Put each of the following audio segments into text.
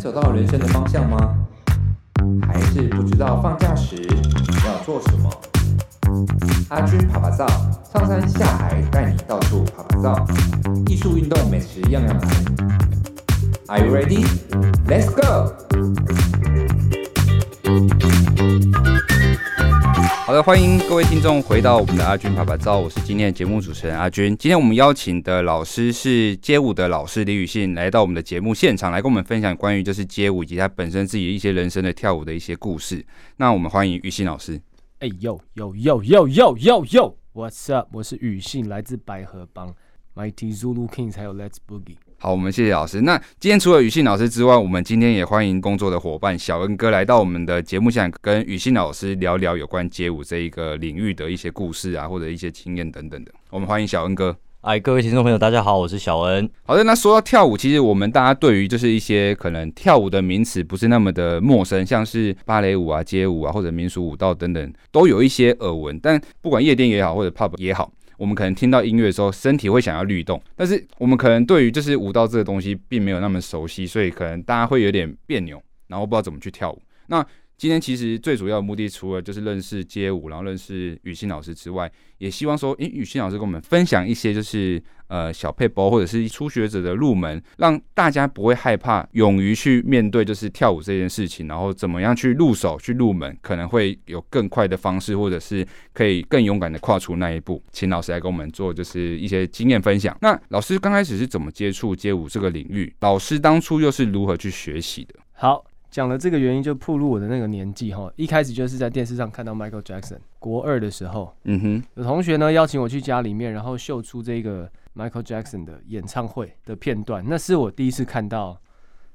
走到人生的方向嗎？還是不知道放假時要做什麼？阿軍啪啪照，上山下海帶你到處啪啪照，藝術、運動、美食樣樣來。Are you ready? Let's go! 好的，歡迎各位聽眾回到我們的阿軍爸爸。知我是今天的節目主持人阿軍。今天我們邀請的老師是街舞的老師李宇信，來到我們的節目現場，來跟我們分享關於就是街舞以及他本身自己一些人生的跳舞的一些故事。那我們歡迎宇信老師。哎呦呦呦呦呦呦呦！What's up？我是宇信，來自百合幫。My T Zulu King，s 還有 Let's Boogie。好，我們謝謝老師。那今天除了羽信老師之外，我們今天也歡迎工作的夥伴小恩哥來到我們的節目現場，想跟羽信老師聊聊有關街舞這一個領域的一些故事啊，或者一些經驗等等的。我們歡迎小恩哥。哎，各位聽眾朋友，大家好，我是小恩。好的，那說到跳舞，其實我們大家對於就是一些可能跳舞的名詞不是那麼的陌生，像是芭蕾舞啊、街舞啊，或者民俗舞蹈等等，都有一些耳聞。但不管夜店也好，或者 pub 也好。我們可能聽到音樂的時候，身體會想要律動，但是我們可能對於就是舞蹈這個東西並沒有那麼熟悉，所以可能大家會有點別扭，然後不知道怎麼去跳舞。那今天其實最主要的目的，除了就是認識街舞，然後認識羽信老師之外，也希望說，哎、欸，羽信老師跟我們分享一些就是呃小配包或者是初學者的入門，讓大家不會害怕，勇於去面對就是跳舞這件事情，然後怎麼樣去入手去入門，可能會有更快的方式，或者是可以更勇敢的跨出那一步，請老師來跟我們做就是一些經驗分享。那老師剛開始是怎麼接觸街舞這個領域？老師當初又是如何去學習的？好。講了這個原因，就暴露我的那個年紀哈、哦。一開始就是在電視上看到 Michael Jackson，國二的時候，嗯哼，有同學呢邀請我去家裡面，然後秀出這個 Michael Jackson 的演唱會的片段，那是我第一次看到，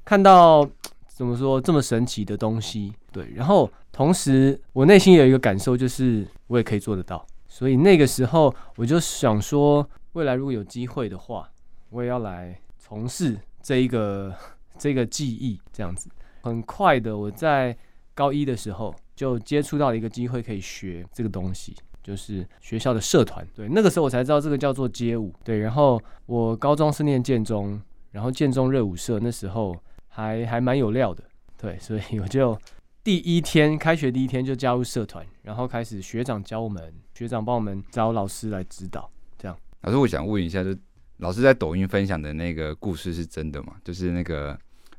看到怎麼說，這麼神奇的東西？對，然後同時我內心有一個感受，就是我也可以做得到。所以那個時候我就想說，未來如果有機會的話，我也要來從事這一個這個技藝這樣子。很快的，我在高一的時候就接觸到了一個機會，可以學這個東西，就是學校的社團。對，那個時候我才知道這個叫做街舞。對，然後我高中是念建中，然後建中熱舞社那時候還還蠻有料的。對，所以我就第一天開學第一天就加入社團，然後開始學長教我們，學長幫我們找老師來指導。這樣，老師，我想問一下，就老師在抖音分享的那個故事是真的嗎？就是那個。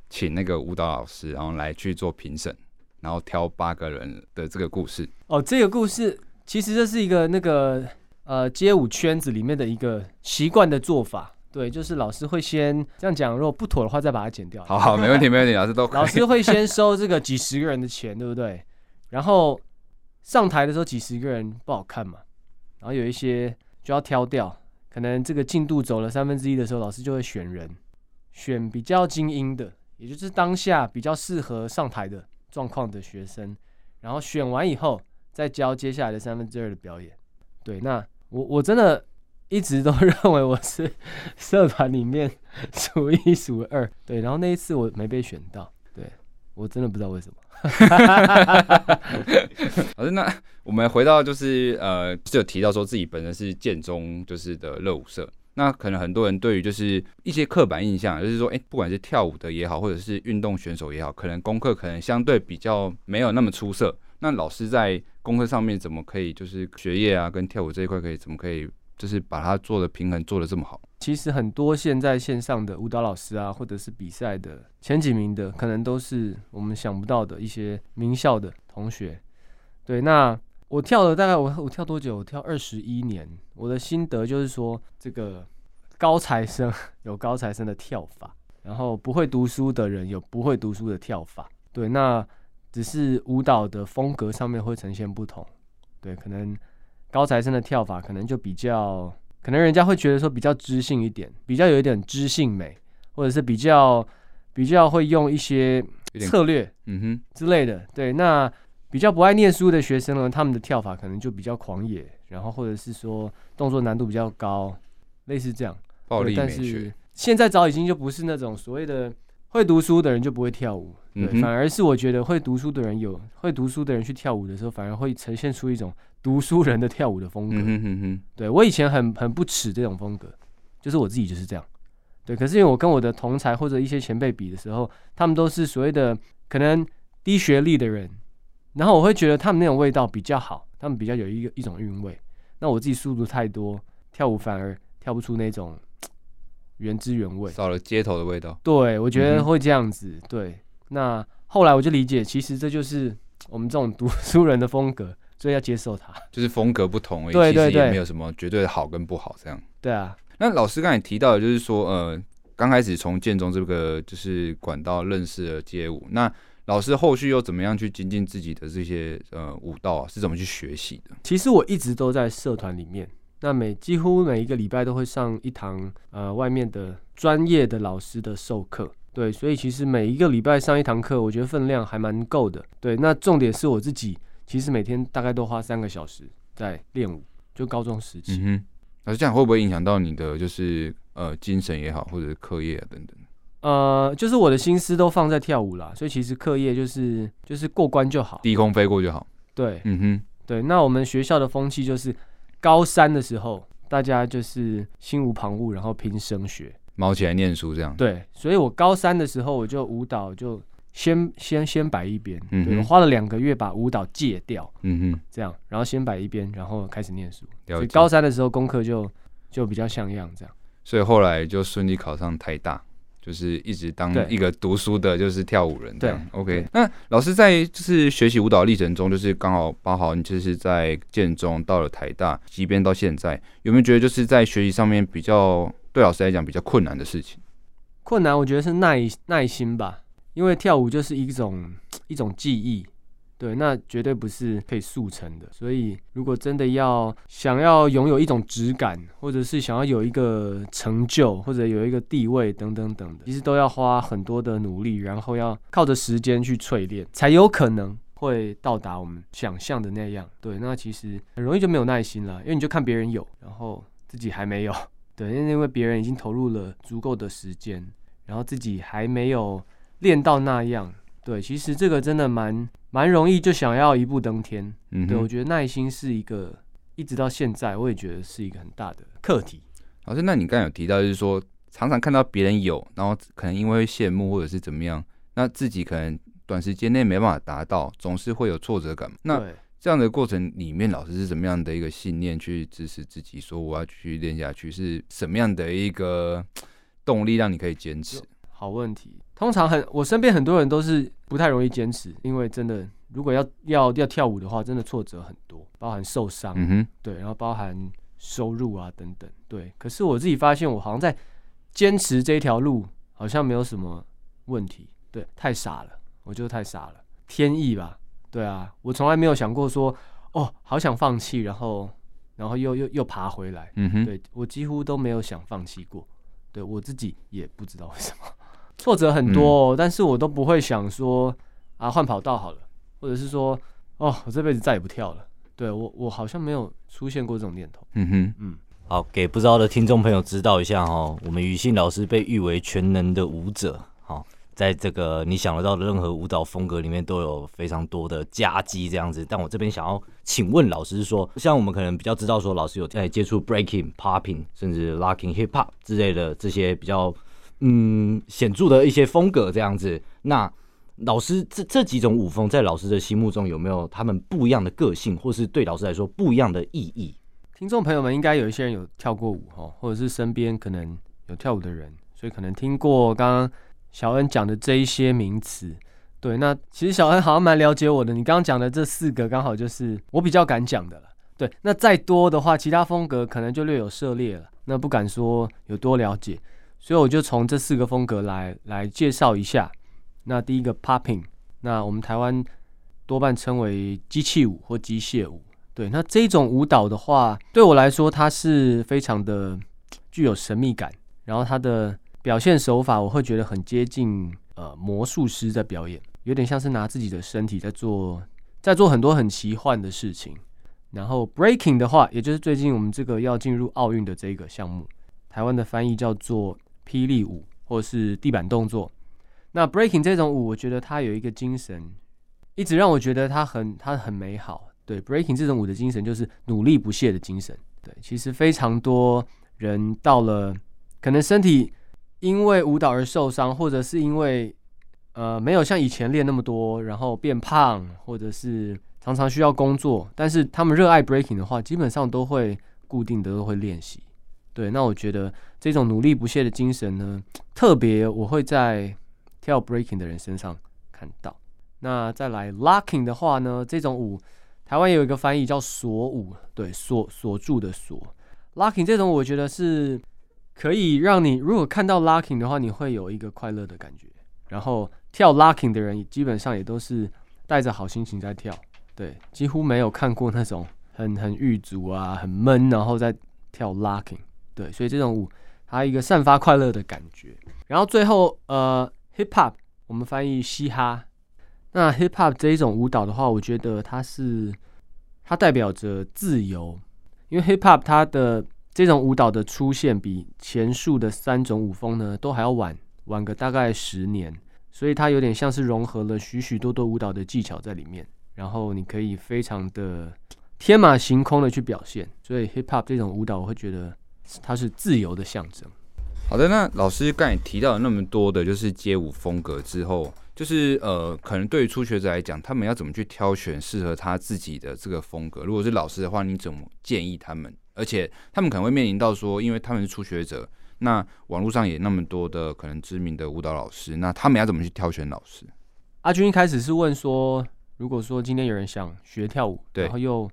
請那個舞蹈老師，然後來去做評審，然後挑八個人的這個故事。哦，這個故事其實這是一個那個呃街舞圈子裡面的一個習慣的做法，對，就是老師會先這樣講，如果不妥的話再把它剪掉。好，好，好，沒問題，沒問題，老師都可以。老師會先收這個幾十個人的錢，對不對？然後上台的時候幾十個人不好看嘛，然後有一些就要挑掉，可能這個進度走了三分之一的時候，老師就會選人，選比較精英的。也就是當下比較適合上台的狀況的學生，然後選完以後再教接下來的三分之二的表演。對，那我我真的一直都認為我是社團裡面數一數二。對，然後那一次我沒被選到，對，我真的不知道為什麼。好的，那我們回到就是呃，是有提到說自己本人是建中就是的熱舞社。那可能很多人對於就是一些刻板印象，就是說，誒，不管是跳舞的也好，或者是運動選手也好，可能功課可能相對比較沒有那麼出色。那老師在功課上面怎麼可以就是學業啊，跟跳舞這一塊可以，怎麼可以就是把它做的平衡，做得這麼好？其實很多現在線上的舞蹈老師啊，或者是比賽的前幾名的，可能都是我們想不到的一些名校的同學。對，那。我跳了大概我我跳多久？我跳二十一年。我的心得就是說，這個高材生有高材生的跳法，然後不會讀書的人有不會讀書的跳法。對，那只是舞蹈的風格上面會呈現不同。對，可能高材生的跳法可能就比較，可能人家會覺得說比較知性一點，比較有一點知性美，或者是比較比較會用一些策略，嗯哼之類的。嗯、對，那。比較不愛唸書的學生呢，他們的跳法可能就比較狂野，然後或者是說動作難度比較高，類似這樣。暴力 但是現在早已經就不是那種所謂的會讀書的人就不會跳舞，嗯、哼對，反而是我覺得會讀書的人有會讀書的人去跳舞的時候，反而會呈現出一種讀書人的跳舞的風格。嗯哼嗯哼，對，我以前很很不齒這種風格，就是我自己就是這樣。對，可是因為我跟我的同儕，或者一些前輩比的時候，他們都是所謂的可能低學歷的人。然後我會覺得他們那種味道比較好，他們比較有一一種韻味。那我自己速度太多，跳舞反而跳不出那種原汁原味，少了街頭的味道。對，我覺得會這樣子。嗯、哼對，那後來我就理解，其實這就是我們這種讀書人的風格，所以要接受它，就是風格不同而已。對對對，其實也沒有什麼絕對的好跟不好這樣。對啊，那老師剛才也提到的，就是說，呃，剛開始從建中這個就是管道認識了街舞，那。老師後續又怎麼樣去精進自己的這些呃舞蹈啊，是怎麼去學習的？其實我一直都在社團裡面，那每幾乎每一個禮拜都會上一堂呃外面的專業的老師的授課。對，所以其實每一個禮拜上一堂課，我覺得分量還蠻夠的。對，那重點是我自己其實每天大概都花三個小時在練舞，就高中時期。嗯哼。老師這樣會不會影響到你的就是呃精神也好，或者是課業啊等等？呃，就是我的心思都放在跳舞啦，所以其實課業就是就是過關就好，低空飛過就好。對，嗯哼，對。那我們學校的風氣就是，高三的時候大家就是心無旁騖，然後拼升學，卯起來念書這樣。對，所以我高三的時候我就舞蹈就先先先擺一邊，嗯哼，對，我花了兩個月把舞蹈戒掉，嗯哼，這樣，然後先擺一邊，然後開始念書。了解。所以高三的時候功課就就比較像樣這樣。所以後來就順利考上台大。就是一直當一個讀書的，就是跳舞人這樣。OK，那老師在就是學習舞蹈歷程中，就是剛好包括，你就是在建中到了台大，即便到現在，有沒有覺得就是在學習上面比較對老師來講比較困難的事情？困難，我覺得是耐耐心吧，因為跳舞就是一種一種記憶。對，那絕對不是可以速成的。所以，如果真的要想要擁有一種質感，或者是想要有一個成就，或者有一個地位等等等的，其實都要花很多的努力，然後要靠着時間去淬煉，才有可能會到達我們想象的那樣。對，那其實很容易就沒有耐心了，因為你就看別人有，然後自己還沒有。對，因為別人已經投入了足夠的時間，然後自己還沒有練到那樣。對，其實這個真的蠻。蠻容易就想要一步登天，嗯、哼對我覺得耐心是一個一直到現在，我也覺得是一個很大的課題。老師，那你剛才有提到，就是說常常看到別人有，然後可能因為會羨慕或者是怎麼樣，那自己可能短時間內沒辦法達到，總是會有挫折感。那對這樣的過程裡面，老師是怎麼樣的一個信念去支持自己，說我要去練下去？是什麼樣的一個動力讓你可以堅持？好問題。通常很，我身邊很多人都是不太容易堅持，因為真的，如果要要要跳舞的話，真的挫折很多，包含受傷，嗯哼，對，然後包含收入啊等等，對。可是我自己發現，我好像在堅持這條路，好像沒有什麼問題，對，太傻了，我覺得太傻了，天意吧，對啊，我從來沒有想過說，哦，好想放棄，然後然後又又又爬回來，嗯哼，對，我幾乎都沒有想放棄過，對，我自己也不知道為什麼。挫折很多，嗯、但是我都不會想說，啊換跑道好了，或者是說，哦我這輩子再也不跳了。對，我我好像沒有出現過這種念頭。嗯哼，嗯，好，給不知道的聽眾朋友指導一下哦。我們羽信老師被譽為全能的舞者，好，在這個你想得到的任何舞蹈風格裡面都有非常多的佳績這樣子。但我這邊想要請問老師說，像我們可能比較知道說老師有在接觸 breaking、popping，甚至 locking、hip hop 之類的這些比較嗯，顯著的一些風格這樣子。那老師這這幾種舞風，在老師的心目中有沒有他們不一樣的個性，或是對老師來說不一樣的意義？聽眾朋友們應該有一些人有跳過舞哈，或者是身邊可能有跳舞的人，所以可能聽過剛剛小恩講的這一些名詞。對，那其實小恩好像蠻了解我的。你剛剛講的這四個，剛好就是我比較敢講的了。對，那再多的話，其他風格可能就略有涉獵了，那不敢說有多了解。所以我就從這四個風格來來介紹一下。那第一個 popping，那我們台灣多半稱為機器舞或機械舞。對，那這種舞蹈的話，對我來說，它是非常的具有神秘感。然後它的表現手法，我會覺得很接近呃魔術師在表演，有點像是拿自己的身體在做在做很多很奇幻的事情。然後 breaking 的話，也就是最近我們這個要進入奧運的這一個項目，台灣的翻譯叫做。霹靂舞或是地板動作，那 breaking 這種舞，我覺得它有一個精神，一直讓我覺得它很它很美好。對，breaking 這種舞的精神就是努力不懈的精神。對，其實非常多人到了，可能身體因為舞蹈而受傷，或者是因為呃沒有像以前練那麼多，然後變胖，或者是常常需要工作，但是他們熱愛 breaking 的話，基本上都會固定的都會練習。對，那我覺得這種努力不懈的精神呢，特別我會在跳 breaking 的人身上看到。那再來 locking 的話呢，這種舞，台灣有一個翻譯叫鎖舞，對，鎖鎖住的鎖。locking 這種我覺得是可以讓你如果看到 locking 的話，你會有一個快樂的感覺。然後跳 locking 的人也基本上也都是帶着好心情在跳，對，幾乎沒有看過那種很很鬱卒啊，很悶，然後再跳 locking。對，所以這種舞它一個散發快樂的感覺。然後最後呃，hip hop 我們翻譯嘻哈。那 hip hop 這一種舞蹈的話，我覺得它是它代表着自由，因為 hip hop 它的這種舞蹈的出現比前述的三種舞風呢都還要晚，晚個大概十年。所以它有點像是融合了許許多多舞蹈的技巧在裡面，然後你可以非常的天馬行空的去表現。所以 hip hop 這種舞蹈，我會覺得。它是自由的象徵。好的，那老師剛才提到那麼多的，就是街舞風格之後，就是呃，可能對於初學者來講，他們要怎麼去挑選適合他自己的這個風格？如果是老師的話，你怎麼建議他們？而且他們可能會面臨到說，因為他們是初學者，那網絡上也那麼多的可能知名的舞蹈老師，那他們要怎麼去挑選老師？阿軍、啊、一開始是問說，如果說今天有人想學跳舞，對然後又。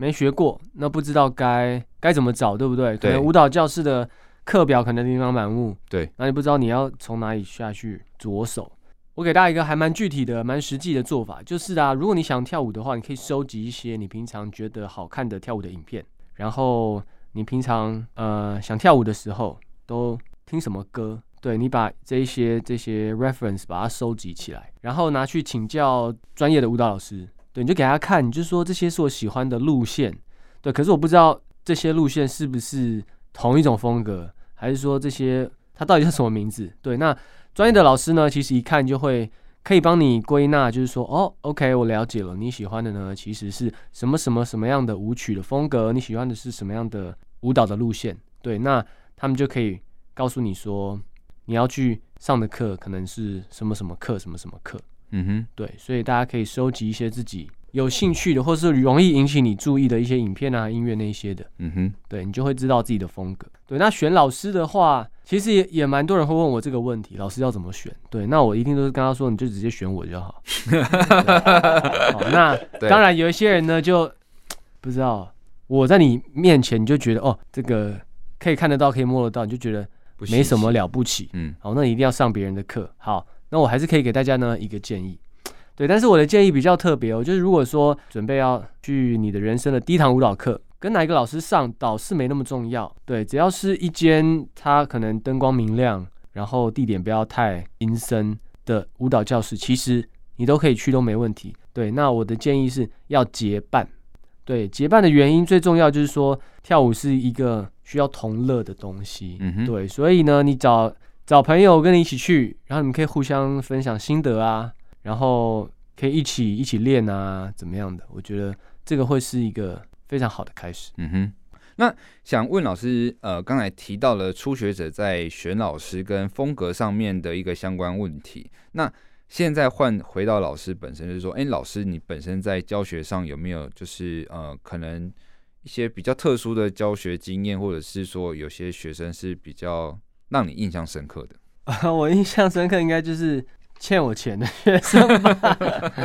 沒學過，那不知道該該怎麼找，對不對？可能對對舞蹈教室的課表可能琳瑯滿目，對，那你不知道你要從哪裡下去着手。我給大家一個還蠻具體的、蠻實際的做法，就是啊，如果你想跳舞的話，你可以收集一些你平常覺得好看的跳舞的影片，然後你平常呃想跳舞的時候都聽什麼歌？對，你把這一些這些 reference 把它收集起來，然後拿去請教專業的舞蹈老師。對，你就給他看，你就說這些是我喜歡的路線，對。可是我不知道這些路線是不是同一種風格，還是說這些它到底叫什麼名字？對，那專業的老師呢，其實一看就會，可以幫你歸納，就是說，哦，OK，我了解了，你喜歡的呢，其實是什麼什麼什麼樣的舞曲的風格，你喜歡的是什麼樣的舞蹈的路線。對，那他們就可以告訴你說，你要去上的課可能是什麼什麼課，什麼什麼課。嗯哼，mm hmm. 對，所以大家可以收集一些自己有興趣的，或是容易引起你注意的一些影片啊、音樂那些的。嗯哼、mm，hmm. 對，你就會知道自己的風格。對，那選老師的話，其實也也蠻多人會問我這個問題，老師要怎麼選？對，那我一定都是跟他說，你就直接選我就好。好，那對當然有一些人呢，就不知道我在你面前，你就覺得哦，這個可以看得到，可以摸得到，你就覺得沒什麼了不起。不嗯，好，那你一定要上別人的課。好。那我還是可以給大家呢一個建議，對，但是我的建議比較特別哦，就是如果說準備要去你的人生的第一堂舞蹈課，跟哪一個老師上導，導師沒那麼重要，對，只要是一間它可能燈光明亮，然後地點不要太陰森的舞蹈教室，其實你都可以去都沒問題，對，那我的建議是要結伴，對，結伴的原因最重要就是說跳舞是一個需要同樂的東西，嗯哼，對，所以呢，你找。找朋友跟你一起去，然後你們可以互相分享心得啊，然後可以一起一起練啊，怎麼樣的？我覺得這個會是一個非常好的開始。嗯哼，那想問老師，呃，剛才提到了初學者在選老師跟風格上面的一個相關問題，那現在換回到老師本身，就是說，哎，老師，你本身在教學上有沒有就是呃，可能一些比較特殊的教學經驗，或者是說有些學生是比較。讓你印象深刻的啊， 我印象深刻應該就是欠我錢的學生。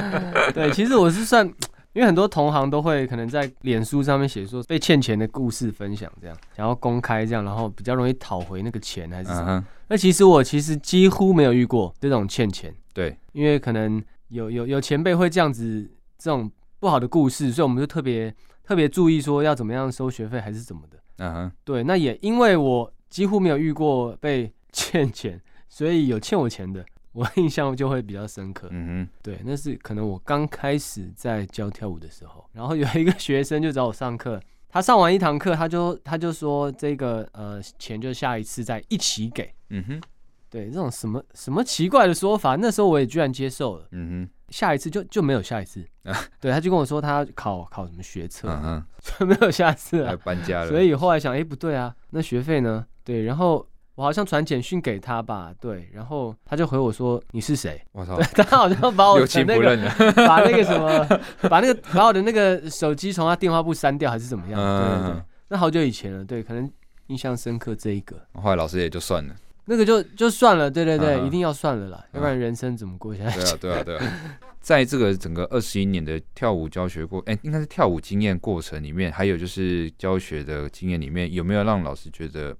對，其實我是算，因為很多同行都會可能在臉書上面寫說被欠錢的故事分享，這樣然後公開這樣，然後比較容易討回那個錢還是什麼。那、uh huh. 其實我其實幾乎沒有遇過這種欠錢，對，因為可能有有有前輩會這樣子這種不好的故事，所以我們就特別特別注意說要怎麼樣收學費還是怎麼的。嗯、uh huh. 對，那也因為我。幾乎沒有遇過被欠錢，所以有欠我錢的，我印象就會比較深刻。嗯哼，對，那是可能我剛開始在教跳舞的時候，然後有一個學生就找我上課，他上完一堂課，他就他就說這個呃錢就下一次再一起給。嗯哼，對，這種什麼什麼奇怪的說法，那時候我也居然接受了。嗯哼。下一次就就沒有下一次，啊、對，他就跟我說他考考什麼學測，嗯、哼所以沒有下次，啊，還搬家了，所以後來想，哎、欸，不對啊，那學費呢？對，然後我好像傳簡訊給他吧，對，然後他就回我說你是誰？我操塞， 他好像把我的、那個、六親不認了把那個什麼 把那個把我的那個手機從他電話簿刪掉還是怎麼樣？嗯嗯嗯嗯對，對對，那好久以前了，對，可能印象深刻這一個，後來老師也就算了。那個就就算了，對對對，uh huh. 一定要算了啦，uh huh. 要不然人生怎麼過下去，啊？對啊，對啊，對啊。 在這個整個二十一年的跳舞教學過，哎，應該是跳舞經驗過程裡面，還有就是教學的經驗裡面，有沒有讓老師覺得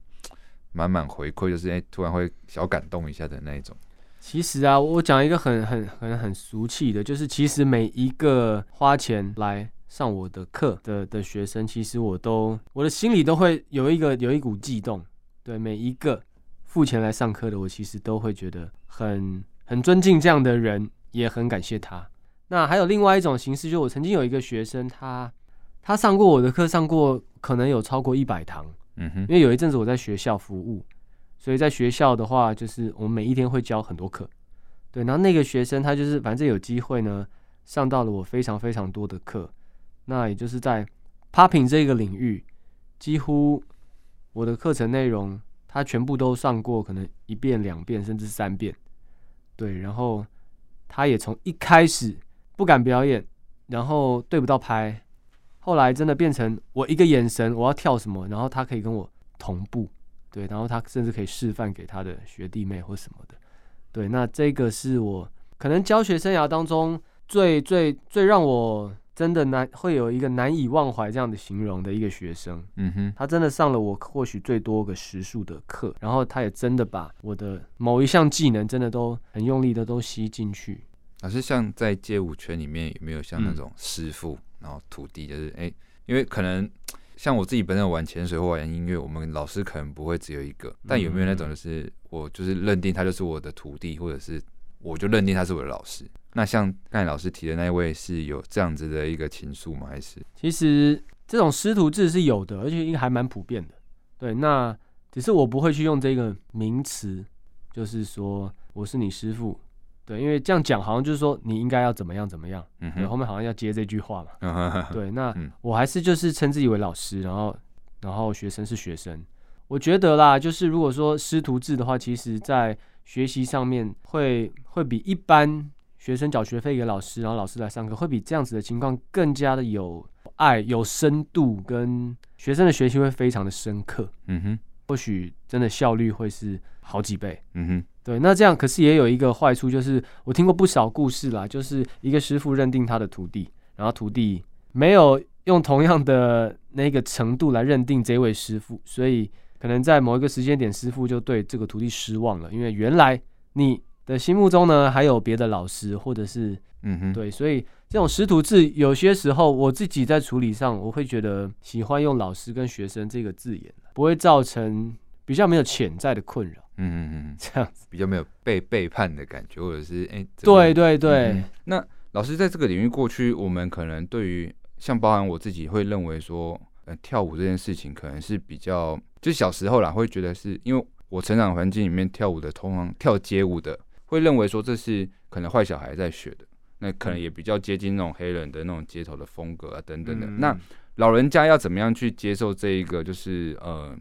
滿滿回饋，就是哎，突然會小感動一下的那一種？其實啊，我講一個很很很很俗氣的，就是其實每一個花錢來上我的課的的學生，其實我都我的心裡都會有一個有一股悸動，對每一個。付錢來上課的，我其實都會覺得很很尊敬這樣的人，也很感謝他。那還有另外一種形式，就是我曾經有一個學生，他他上過我的課，上過可能有超過一百堂。嗯哼，因為有一陣子我在學校服務，所以在學校的話，就是我們每一天會教很多課。對，然後那個學生他就是反正有機會呢，上到了我非常非常多的課。那也就是在 Popping 這個領域，幾乎我的課程內容，他全部都上過，可能一遍、兩遍，甚至三遍，對。然後他也從一開始不敢表演，然後對不到拍，後來真的變成我一個眼神，我要跳什麼，然後他可以跟我同步，對。然後他甚至可以示範給他的學弟妹或什麼的，對。那這個是我可能教學生涯當中最最最讓我。真的難，會有一個難以忘懷這樣的形容的一個學生。嗯哼，他真的上了我或許最多個時數的課，然後他也真的把我的某一項技能真的都很用力的都吸進去。老師，像在街舞圈裡面有沒有像那種師傅，嗯、然後徒弟就是，哎，因為可能像我自己本身玩潛水或玩音樂，我們老師可能不會只有一個，但有沒有那種就是我就是認定他就是我的徒弟或者是？我就認定他是我的老師。那像剛才老師提的那一位是有這樣子的一個情愫嗎？還是其實這種師徒制是有的，而且應該還蠻普遍的。對，那只是我不會去用這個名詞，就是說我是你師父。對，因為這樣講好像就是說你應該要怎麼樣怎麼樣，嗯哼對，後面好像要接這句話嘛。 對，那、嗯、我還是就是稱自己為老師，然後然後學生是學生。我覺得啦，就是如果說師徒制的話，其實在。學習上面會會比一般學生繳學費給老師，然後老師來上課，會比這樣子的情況更加的有愛、有深度，跟學生的學習會非常的深刻。嗯哼，或許真的效率會是好幾倍。嗯哼，對，那這樣可是也有一個壞處，就是我聽過不少故事啦，就是一個師傅認定他的徒弟，然後徒弟沒有用同樣的那個程度來認定這位師傅，所以。可能在某一個時間點，師傅就對這個徒弟失望了，因為原來你的心目中呢還有別的老師，或者是嗯哼，對，所以這種師徒制有些時候，我自己在處理上，我會覺得喜歡用“老師”跟“學生”這個字眼，不會造成比較沒有潛在的困擾。嗯嗯嗯，這樣子比較沒有被背叛的感覺，或者是哎，誒對對對。嗯、那老師在這個領域過去，我們可能對於像包含我自己會認為說。呃、跳舞這件事情可能是比較，就小時候啦，會覺得是因為我成長環境裡面跳舞的通常，跳街舞的，會認為說這是可能壞小孩在學的，那可能也比較接近那種黑人的那種街頭的風格啊，等等的。那老人家要怎麼樣去接受這一個就是呃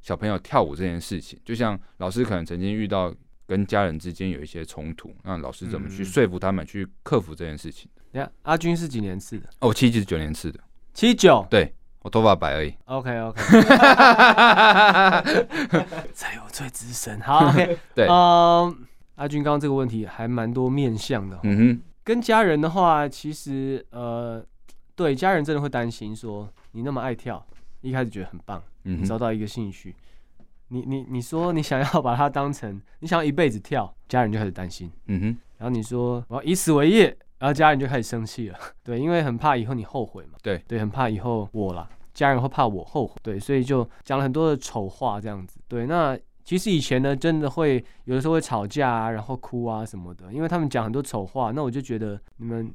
小朋友跳舞這件事情？就像老師可能曾經遇到跟家人之間有一些衝突，那老師怎麼去說服他們去克服這件事情？你看，阿軍是幾年次的？哦，七九九年次的，七九對。我頭髮白而已。OK OK。哈哈哈，哈哈哈！才有最資深。好 okay, 對、呃、阿軍，剛剛這個問題還蠻多面向的。嗯、哼跟家人的話，其實呃，對，家人真的會擔心，說你那麼愛跳，一開始覺得很棒，找到，嗯、哼一個興趣。你你你說你想要把它當成，你想要一輩子跳，家人就開始擔心。嗯、哼然後你說我要以此為業。然後家人就開始生氣了，對，因為很怕以後你後悔嘛，對對，很怕以後我啦，家人會怕我後悔，對，所以就講了很多的醜話這樣子，對。那其實以前呢，真的會有的時候會吵架啊，然後哭啊什麼的，因為他們講很多醜話，那我就覺得你們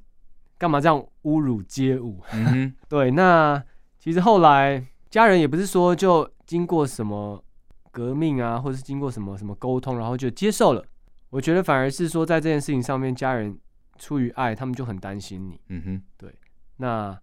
幹嘛這樣侮辱街舞？嗯嗯 對。那其實後來家人也不是說就經過什麼革命啊，或是經過什麼什麼溝通，然後就接受了。我覺得反而是說在這件事情上面，家人。出於愛，他們就很擔心你。嗯哼，對。那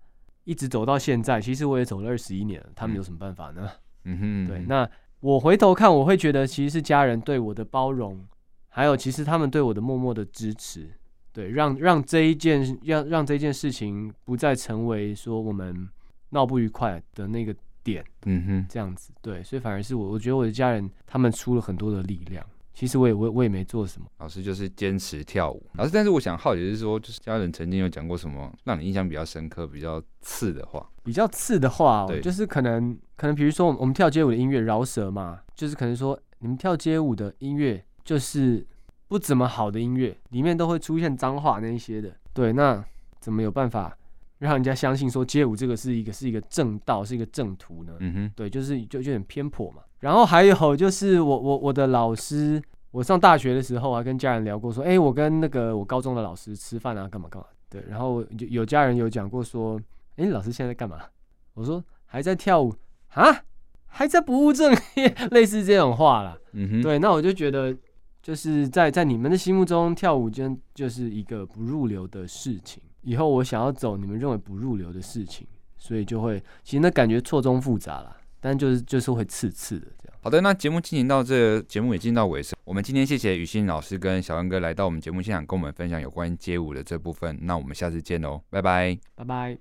一直走到現在，其實我也走了二十一年了。嗯、他們有什麼辦法呢？嗯哼，嗯哼，對。那我回頭看，我會覺得其實是家人對我的包容，還有其實他們對我的默默的支持。對，讓讓這一件，要讓這件事情不再成為說我們鬧不愉快的那個點。嗯哼，這樣子。對，所以反而是我，我覺得我的家人他們出了很多的力量。其實我也我也我也沒做什麼，老師就是堅持跳舞。老師，但是我想好奇是說，就是家人曾經有講過什麼讓你印象比較深刻、比較刺的話？比較刺的話，哦對，就是可能可能，比如說我們，我們跳街舞的音樂饒舌嘛，就是可能說你們跳街舞的音樂就是不怎麼好的音樂，裡面都會出現髒話那一些的。對，那怎麼有辦法？讓人家相信說街舞這個是一個是一個正道，是一個正途呢，嗯哼，對，就是就有點偏頗嘛。然後還有就是我我我的老師，我上大學的時候啊，跟家人聊過說，哎、欸，我跟那個我高中的老師吃飯啊，幹嘛幹嘛，對。然後就有家人有講過說，哎、欸，老師現在在幹嘛？我說還在跳舞啊，還在不務正業， 類似這種話啦。嗯哼。對，那我就覺得就是在在你們的心目中，跳舞就就是一個不入流的事情。以後我想要走你們認為不入流的事情，所以就會其實那感覺錯綜複雜啦，但就是就是會刺刺的這樣。好的，那節目進行到這個，節目也進到尾聲。我們今天謝謝羽信老師跟小楊哥來到我們節目現場，跟我們分享有關街舞的這部分。那我們下次見嘍，拜拜，拜拜。